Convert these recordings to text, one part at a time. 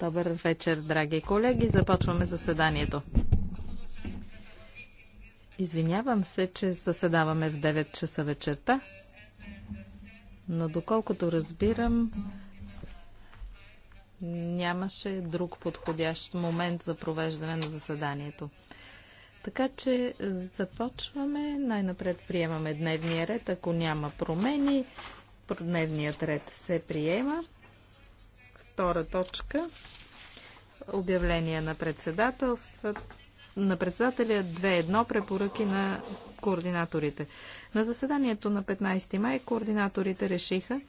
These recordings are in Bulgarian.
Добър вечер, драги колеги. Започваме заседанието. Извинявам се, че заседаваме в 9 часа вечерта, но доколкото разбирам, нямаше друг подходящ момент за провеждане на заседанието. Така че започваме. Най-напред приемаме дневния ред. Ако няма промени, дневният ред се приема. Втора точка. Обявление на председателствата на председателя 2.1 препоръки на координаторите. На заседанието на 15 май координаторите решиха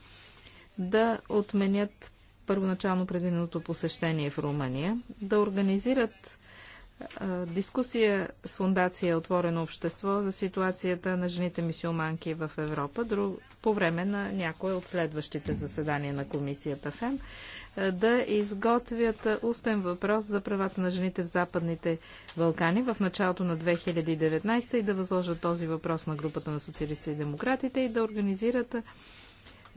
да отменят първоначално предвиденото посещение в Румъния, да организират дискусия с фундация Отворено общество за ситуацията на жените мисюлманки в Европа друг, по време на някое от следващите заседания на комисията ФЕМ да изготвят устен въпрос за правата на жените в Западните Балкани в началото на 2019 и да възложат този въпрос на групата на социалисти и демократите и да организират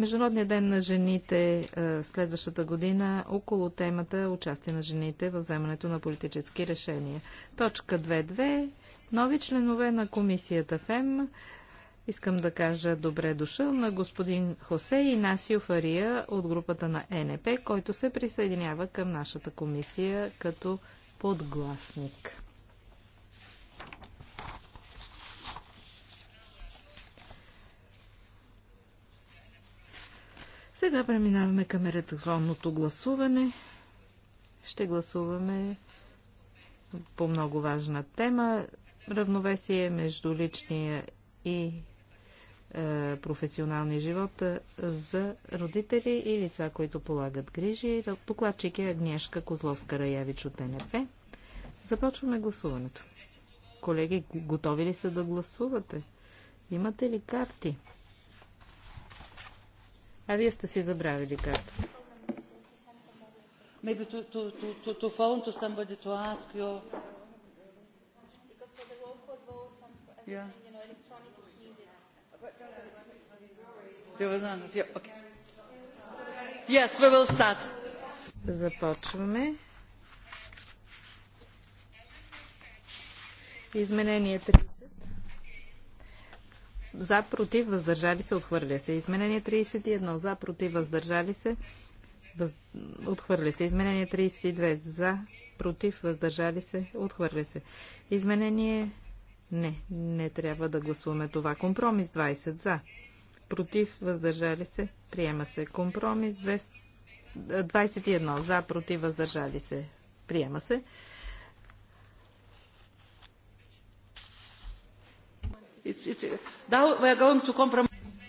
Международния ден на жените е, следващата година около темата участие на жените в вземането на политически решения. Точка 2.2. Нови членове на комисията ФЕМ. Искам да кажа добре дошъл на господин Хосе Инасио Фария от групата на е НП, който се присъединява към нашата комисия като подгласник. Сега преминаваме към електронното гласуване. Ще гласуваме по много важна тема равновесие между личния и е, професионалния живот е, за родители и лица, които полагат грижи. Докладчик е Агнешка Козловска Раявич от НФ. Започваме гласуването. Колеги, готови ли сте да гласувате? Имате ли карти? А вие сте си забравили карта. Maybe to, to, to, to, to phone to somebody to ask you. Because for the roll call vote and electronic is easy. There Yes, we will start. Започваме. Изменение за, против, въздържали се, отхвърля се. Изменение 31 за, против, въздържали се, въз... отхвърля се. Изменение 32 за, против, въздържали се, отхвърля се. Изменение не, не трябва да гласуваме това. Компромис 20 за, против, въздържали се, приема се. Компромис 20... 21 за, против, въздържали се, приема се.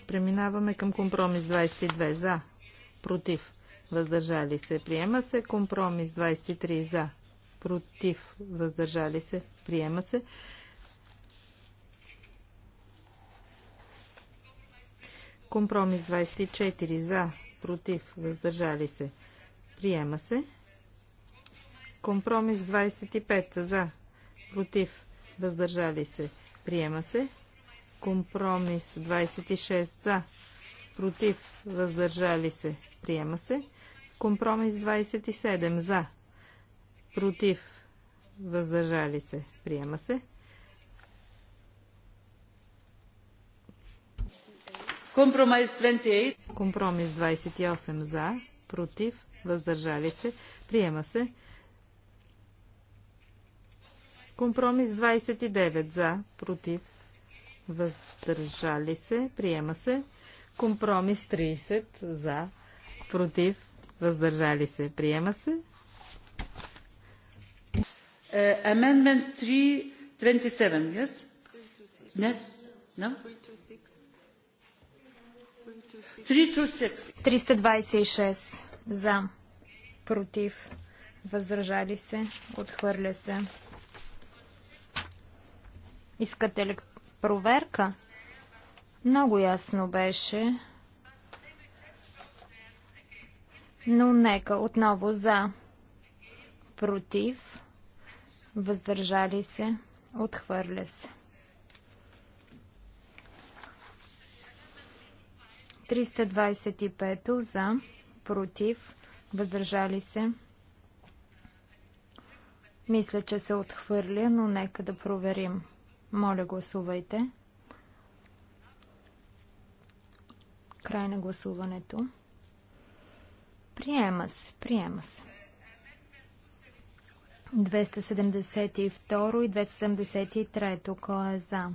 Преминаваме към компромис 22 за, против, въздържали се, приема се. Компромис 23 за, против, въздържали се, приема се. Компромис 24 за, против, въздържали се, приема се. Компромис 25 за, против, въздържали се, приема се. Компромис 26 за, против, въздържали се, приема се. Компромис 27 за, против, въздържали се, приема се. Компромис 28. Компромис 28 за, против, въздържали се, приема се. Компромис 29 за, против, въздържали се, приема се. Компромис 30 за, против, въздържали се, приема се. Uh, amendment 327, yes? Не? No? 326 за, против, въздържали се, отхвърля се. Искате електронно проверка. Много ясно беше. Но нека отново за, против, въздържали се, отхвърля се. 325 за, против, въздържали се. Мисля, че се отхвърля, но нека да проверим. Моля, гласувайте. Край на гласуването. Приема се, приема се. 272 и 273. Кой е за?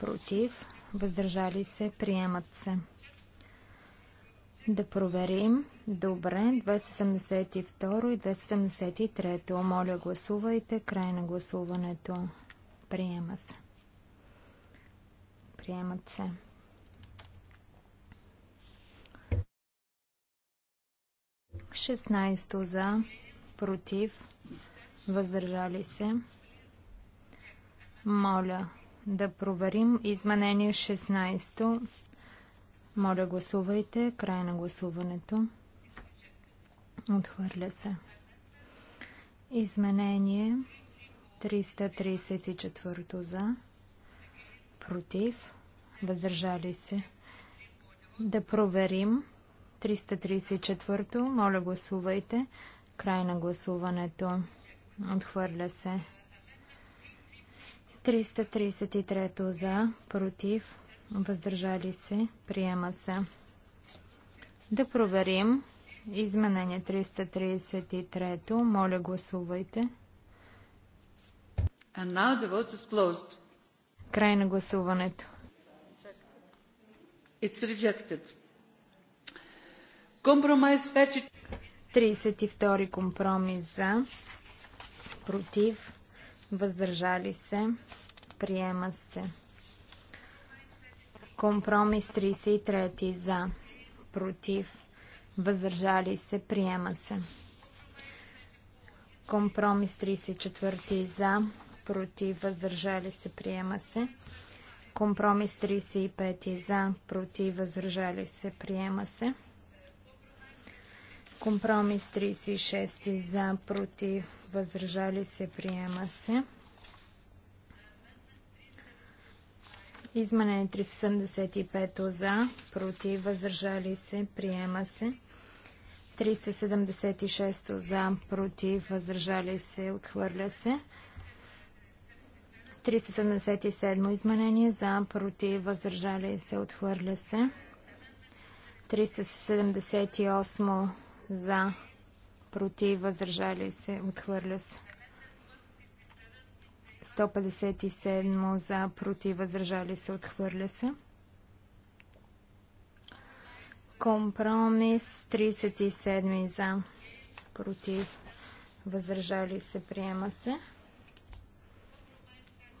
Против. Въздържали се. Приемат се. Да проверим. Добре. 272 и 273. Моля, гласувайте. Край на гласуването. Приема се. Приемат се. Шестнайсто за, против, въздържали се. Моля да проверим изменение 16. Моля гласувайте. Край на гласуването. Отхвърля се. Изменение 16. 334 за, против, въздържали се. Да проверим. 334. Моля, гласувайте. Край на гласуването. Отхвърля се. 333 за, против, въздържали се, приема се. Да проверим. Изменение 333. Моля, гласувайте. And now the vote is closed. Край на гласуването. It's rejected. Компромис вече. 32 компромис за. Против. Въздържали се. Приема се. Компромис 33 за. Против. Въздържали се. Приема се. Компромис 34 за против, въздържали се, приема се. Компромис 35 е за, против, въздържали се, приема се. Компромис 36 е за, против, въздържали се, приема се. Изменение 375 е за, против, въздържали се, приема се. 376 за, против, въздържали се, отхвърля се. 377 изменение за, против, въздържали се, отхвърля се. 378 за, против, въздържали се, отхвърля се. 157 за, против, въздържали се, отхвърля се. Компромис 37 за, против, въздържали се, приема се.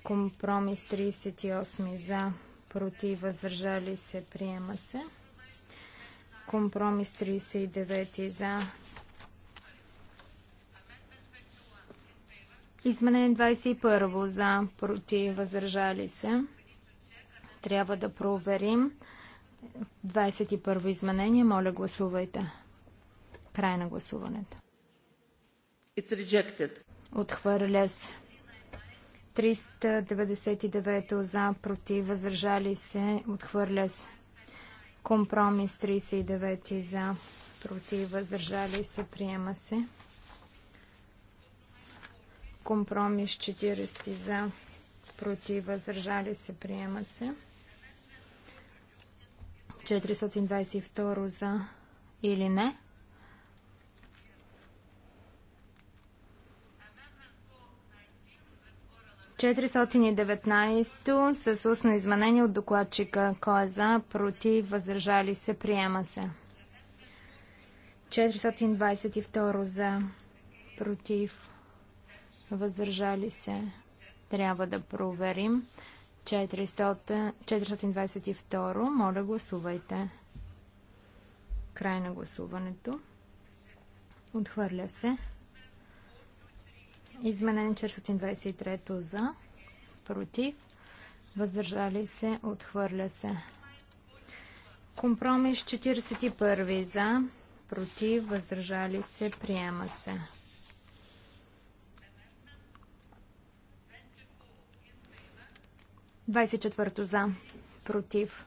Компромис 38 за, против, въздържали се, приема се. Компромис 39 за. Изменение 21 за, против, въздържали се. Трябва да проверим. 21 изменение, моля гласувайте. Край на гласуването. It's rejected. Отхвърля се. 399 за, против, въздържали се, отхвърля се. Компромис 39 за, против, въздържали се, приема се. Компромис 40 за, против, въздържали се, приема се. 422 за или не. 419 с устно изменение от докладчика. Кой е за, против, въздържали се, приема се. 422 за, против, въздържали се. Трябва да проверим. 400, 422. Моля, гласувайте. Край на гласуването. Отхвърля се. Изменен 423 за, против, въздържали се, отхвърля се. Компромис 41 за, против, въздържали се, приема се. Двадесет четвърто за, против,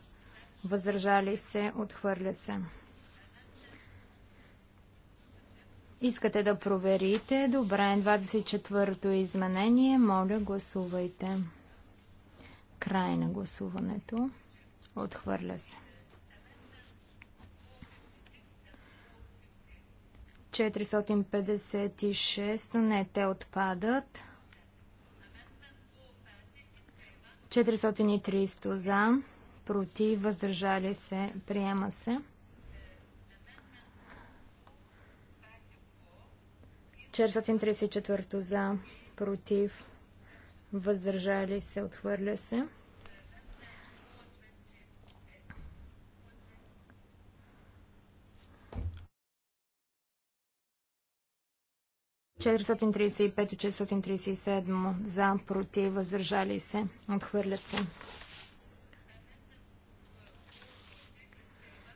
въздържали се, отхвърля се. Искате да проверите? Добре, 24-то изменение. Моля, гласувайте. Край на гласуването. Отхвърля се. 456. Не, те отпадат. 430 за. Против. Въздържали се. Приема се. 434 за, против, въздържали се, отхвърля се. Четиристотин и 437 за, против, въздържали се, отхвърлят се.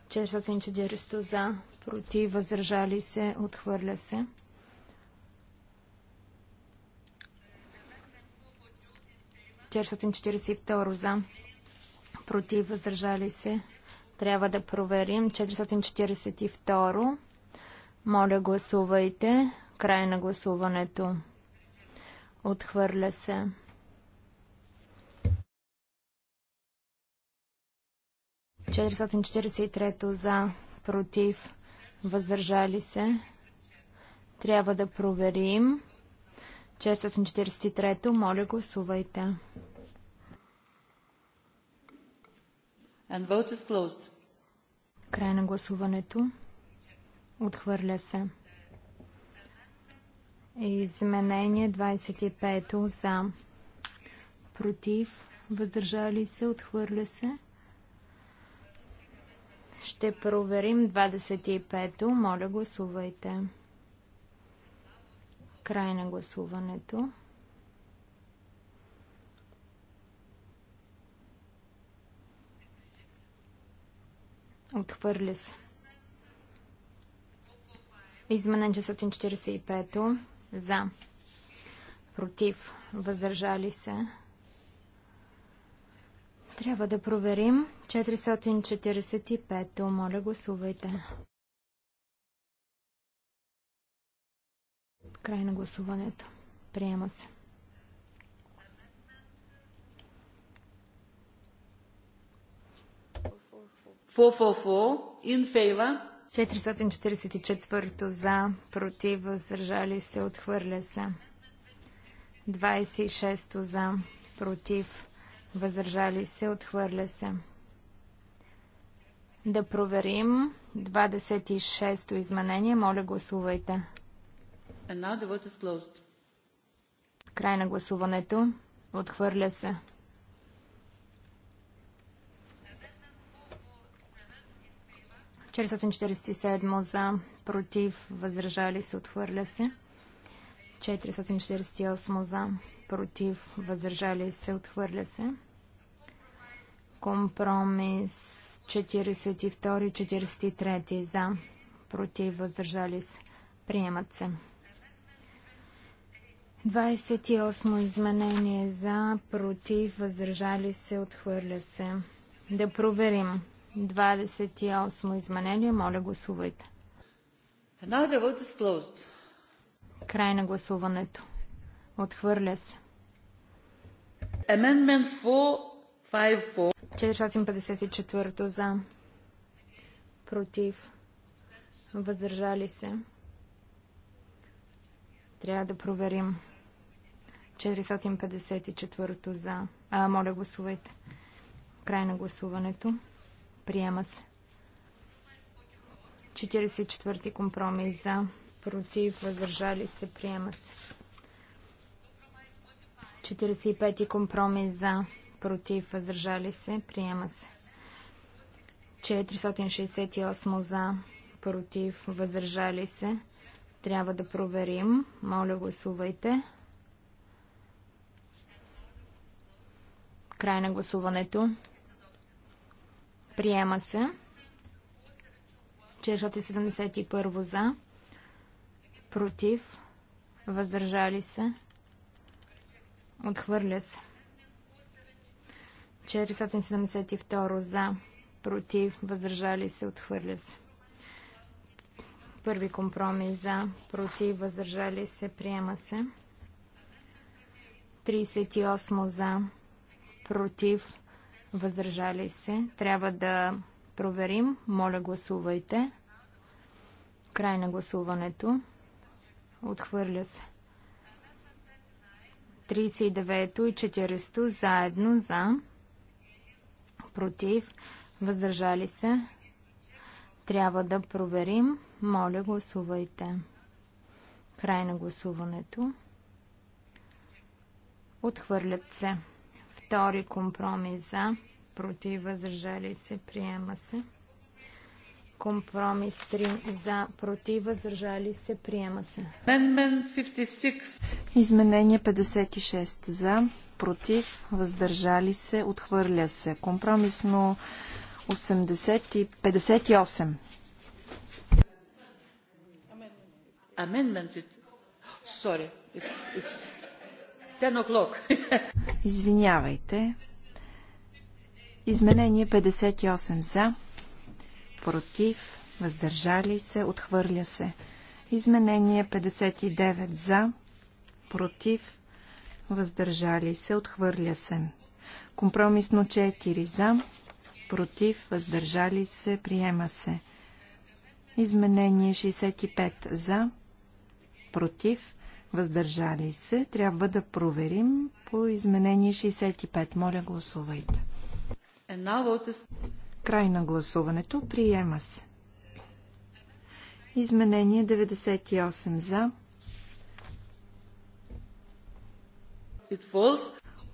440 за, против, въздържали се, отхвърля се. 442 за. Против. Въздържали се. Трябва да проверим. 442. Моля, гласувайте. Край на гласуването. Отхвърля се. Четиристотин за, против, въздържали се. Трябва да проверим. 643. Моля, гласувайте. And vote is closed. Край на гласуването. Отхвърля се. Изменение 25 то за. Против. Въздържали се. Отхвърля се. Ще проверим 25-то. Моля, гласувайте. Край на гласуването. Отхвърля се. Изменен 645 за. Против. Въздържали се. Трябва да проверим. 445 Моля, гласувайте. Край на гласуването. Приема се. Фо, фо, фо. In favor. 444 за, против, въздържали се, отхвърля се. 26 за, против, въздържали се, отхвърля се. Да проверим 26-то изменение. Моля, гласувайте. Край на гласуването. Отхвърля се. Четиристотин за, против, въздържали се, отхвърля се. 448 за, против, въздържали се, отхвърля се. Компромис 42-43 за, против, въздържали се, приемат се. 28 изменение за, против, въздържали се, отхвърля се. Да проверим. 28 изменение, моля гласувайте. Край на гласуването. Отхвърля се. 454 за. Против. Въздържали се. Трябва да проверим. 454 за. А, моля, гласувайте. Край на гласуването. Приема се. 44 компромис за. Против. Въздържали се. Приема се. 45 компромис за. Против. Въздържали се. Приема се. 468 за. Против. Въздържали се. Трябва да проверим. Моля, гласувайте. Край на гласуването. Приема се. 471 е за. Против. Въздържали се. Отхвърля се. 472 е за. Против. Въздържали се. Отхвърля се. Първи компромис за. Против. Въздържали се. Приема се. 38 за против, въздържали се. Трябва да проверим. Моля, гласувайте. Край на гласуването. Отхвърля се. 39 и 400 заедно за, против, въздържали се. Трябва да проверим. Моля, гласувайте. Край на гласуването. Отхвърлят се. Втори компромис за, против, въздържали се, приема се. Компромис 3 за, против, въздържали се, приема се. Изменение 56 за, против, въздържали се, отхвърля се. Компромисно 80 и 58. Amendment. Sorry, it's, it's Извинявайте. Изменение 58 за, против, въздържали се, отхвърля се. Изменение 59 за, против, въздържали се, отхвърля се. Компромисно 4 за, против, въздържали се, приема се. Изменение 65 за, против, въздържали се. Трябва да проверим по изменение 65. Моля, гласувайте. Край на гласуването. Приема се. Изменение 98 за.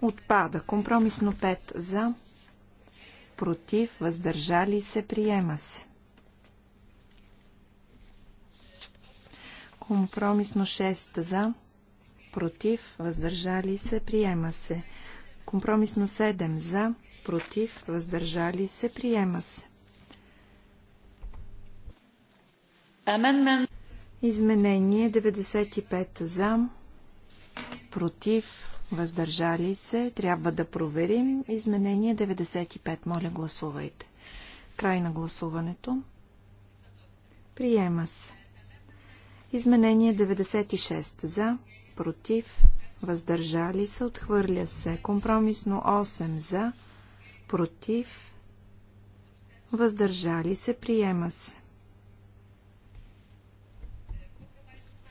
Отпада. Компромисно 5 за. Против. Въздържали се. Приема се. Компромисно 6 за, против, въздържали се, приема се. Компромисно 7 за, против, въздържали се, приема се. Изменение 95 за, против, въздържали се, трябва да проверим. Изменение 95, моля гласувайте. Край на гласуването. Приема се. Изменение 96 за, против, въздържали се, отхвърля се. Компромисно 8 за, против, въздържали се, приема се.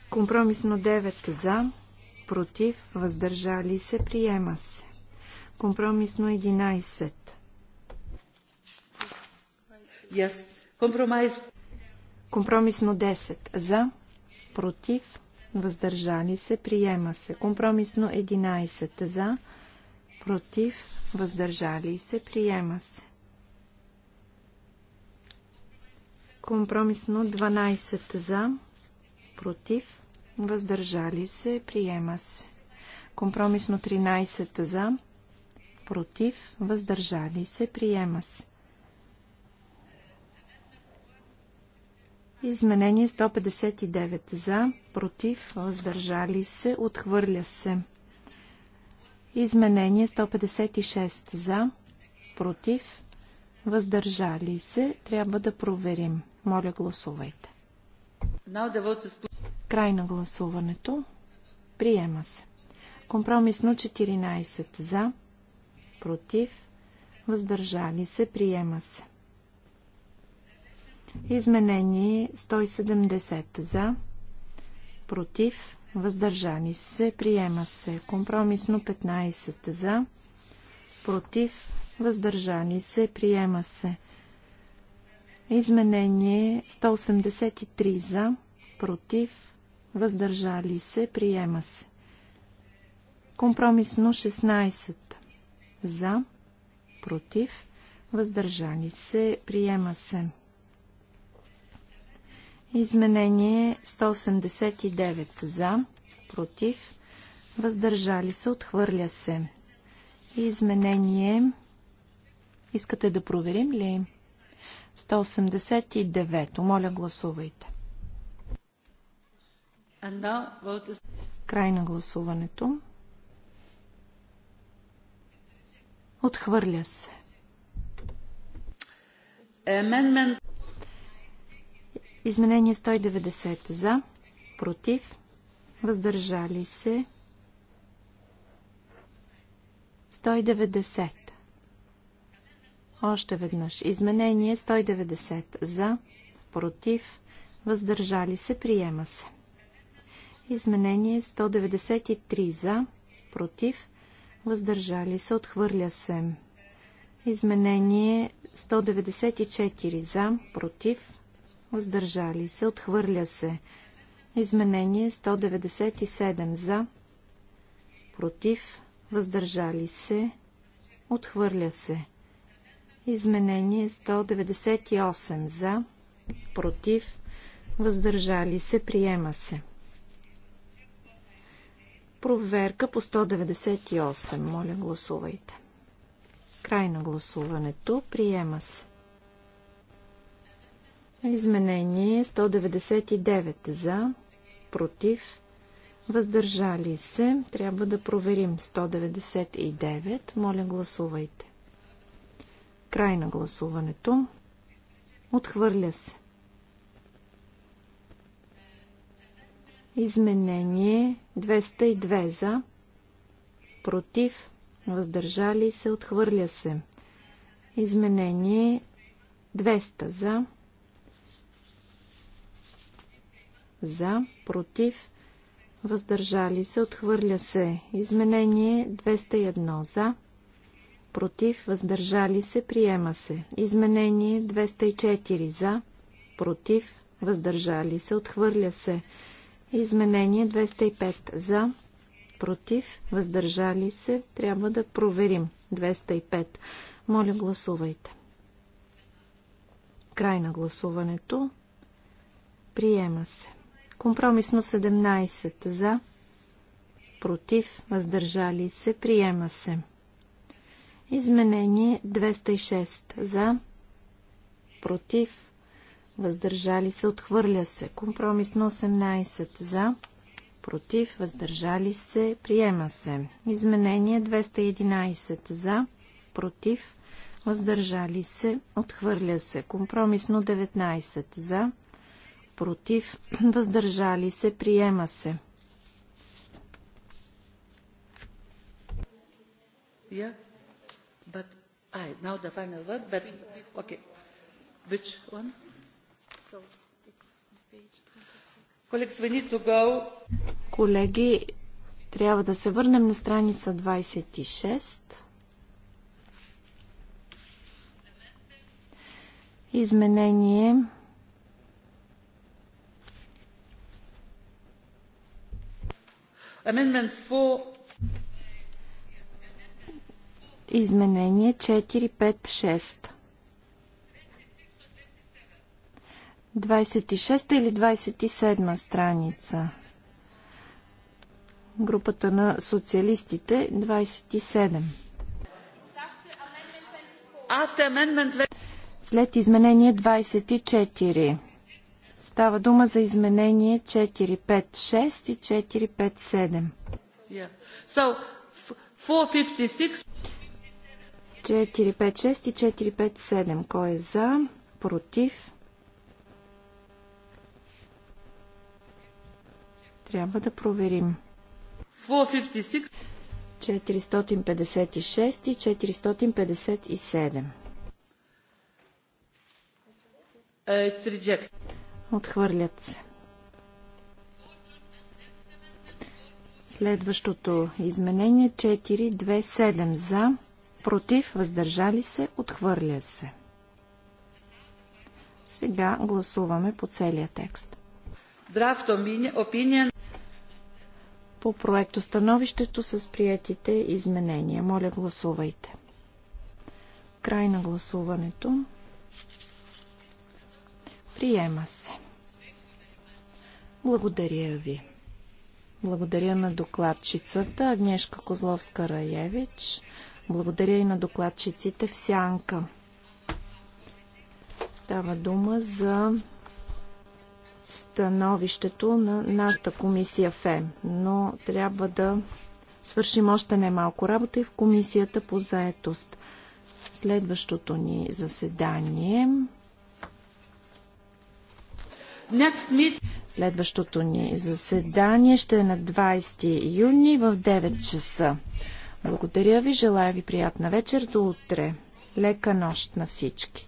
Компромисно 9 за, против, въздържали се, приема се. Компромисно 11. Yes. Компромисно 10 за, против, въздържали се, приема се. Компромисно 11 за, против, въздържали се, приема се. Компромисно 12 за, против, въздържали се, приема се. Компромисно 13 за, против, въздържали се, приема се. Изменение 159 за, против, въздържали се, отхвърля се. Изменение 156 за, против, въздържали се, трябва да проверим. Моля, гласувайте. Край на гласуването. Приема се. Компромисно 14 за, против, въздържали се, приема се. Изменение 170 за, против, въздържани се, приема се. Компромисно 15 за, против, въздържани се, приема се. Изменение 183 за, против, въздържали се, приема се. Компромисно 16 за, против, въздържани се, приема се. Изменение 189 за, против, въздържали се, отхвърля се. Изменение. Искате да проверим ли? 189. Моля, гласувайте. Край на гласуването. Отхвърля се. Изменение 190 за, против, въздържали се. 190. Още веднъж. Изменение 190 за, против, въздържали се, приема се. Изменение 193 за, против, въздържали се, отхвърля се. Изменение 194 за, против, въздържали се, отхвърля се. Изменение 197 за, против, въздържали се, отхвърля се. Изменение 198 за, против, въздържали се, приема се. Проверка по 198. Моля, гласувайте. Край на гласуването. Приема се. Изменение 199 за, против, въздържали се. Трябва да проверим 199. Моля, гласувайте. Край на гласуването. Отхвърля се. Изменение 202 за, против, въздържали се, отхвърля се. Изменение 200 за, за, против, въздържали се, отхвърля се. Изменение 201 за, против, въздържали се, приема се. Изменение 204 за, против, въздържали се, отхвърля се. Изменение 205 за, против, въздържали се, трябва да проверим. 205. Моля, гласувайте. Край на гласуването. Приема се. Компромисно 17 за, против, въздържали се, приема се. Изменение 206 за, против, въздържали се, отхвърля се. Компромисно 18 за, против, въздържали се, приема се. Изменение 211 за, против, въздържали се, отхвърля се. Компромисно 19 за, против, въздържали се, приема се. Колеги, трябва да се върнем на страница 26. Изменение Amendment 4. Изменение 6, 26 или 27 страница. Групата на социалистите 27. След изменение 24. Става дума за изменение 456 и 457. 456 и 457. Кой е за? Против? Трябва да проверим. 456 и 457. Отхвърлят се. Следващото изменение 4, 2, 7 за, против, въздържали се, отхвърля се. Сега гласуваме по целия текст. Драфт опинион. По проекто становището с приятите изменения. Моля гласувайте. Край на гласуването. Приема се. Благодаря ви. Благодаря на докладчицата Агнешка Козловска-Раевич. Благодаря и на докладчиците в Сянка. Става дума за становището на нашата комисия ФЕМ, но трябва да свършим още немалко работа и в комисията по заетост. Следващото ни заседание Следващото ни заседание ще е на 20 юни в 9 часа. Благодаря ви, желая ви приятна вечер до утре. Лека нощ на всички!